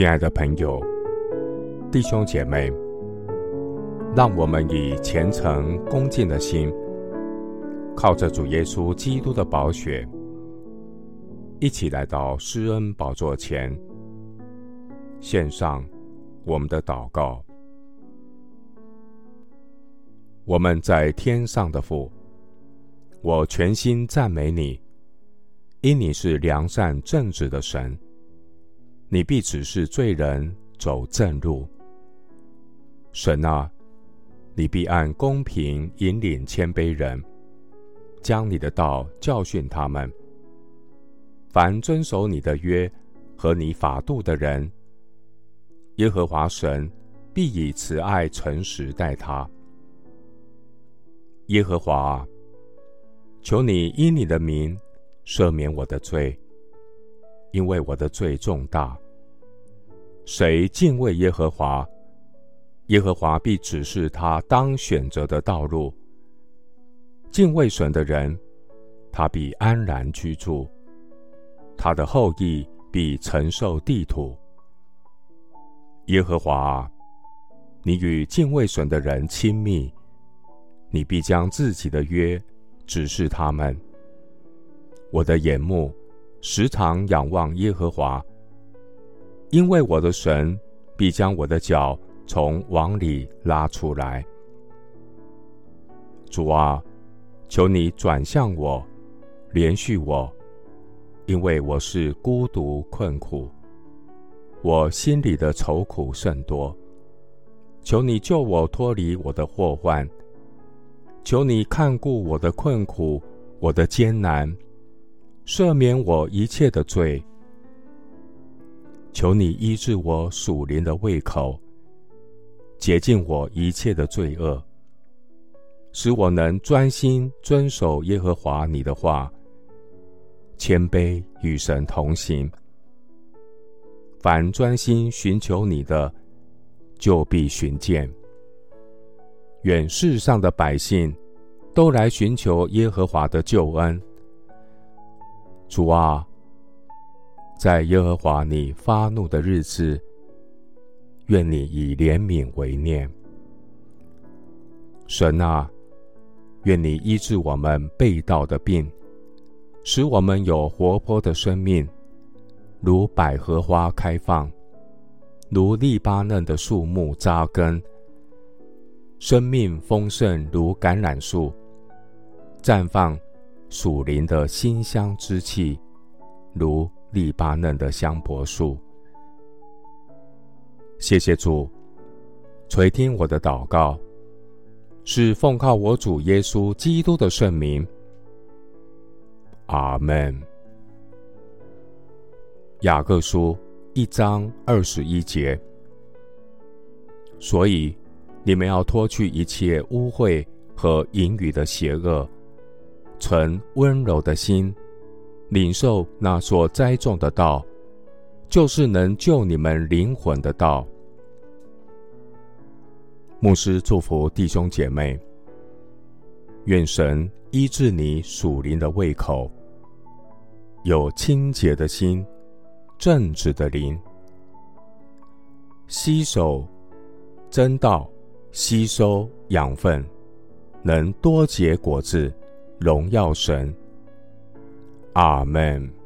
親愛的朋友、弟兄姐妹，讓我們以虔誠恭敬的心，靠着主耶穌基督的寶血，一起來到施恩寶座前，獻上我們的禱告。我們在天上的父，我全心讚美你，因你是良善正直的神。你必指示罪人走正路，神啊，你必按公平引領謙卑人，將你的道教訓他們。凡遵守你的約和你法度的人，耶和華神必以慈愛誠實待他。耶和華，求你因你的名赦免我的罪。因為我的罪重大。誰敬畏耶和華，耶和華必指示他當選擇的道路。敬畏神的人，他必安然居住，他的後裔必承受地土。耶和華，你與敬畏神的人親密，你必將自己的約指示他們。我的眼目，時常仰望耶和華，因為我的神必將我的腳從網裡拉出來。主啊，求你轉向我，憐恤我，因為我是孤獨困苦，我心裡的愁苦甚多。求你救我脫離我的禍患，求你看顧我的困苦，我的艱難。赦免我一切的罪，求你醫治我屬靈的胃口，潔淨我一切的罪惡，使我能專心遵守耶和華你的話，謙卑與神同行。凡專心尋求你的，就必尋見。願世上的百姓都來尋求耶和華的救恩。主啊，在耶和華你發怒的日子，願你以憐憫為念。神啊，願你醫治我們背道的病，使我們有活潑的生命，如百合花開放，如利巴嫩的樹木扎根，生命豐盛如橄欖樹綻放。屬靈的馨香之氣，如黎巴嫩的香柏樹。謝謝主垂聽我的禱告，是奉靠我主耶穌基督的聖名。阿門。雅各書一章二十一節，所以你們要脫去一切污穢和盈餘的邪惡。存溫柔的心，領受那所栽種的道，就是能救你們靈魂的道。牧師祝福弟兄姐妹。願神醫治你屬靈的胃口，有清潔的心，正直的靈，吸收真道，吸收養分，能多結果子，榮耀神，阿門。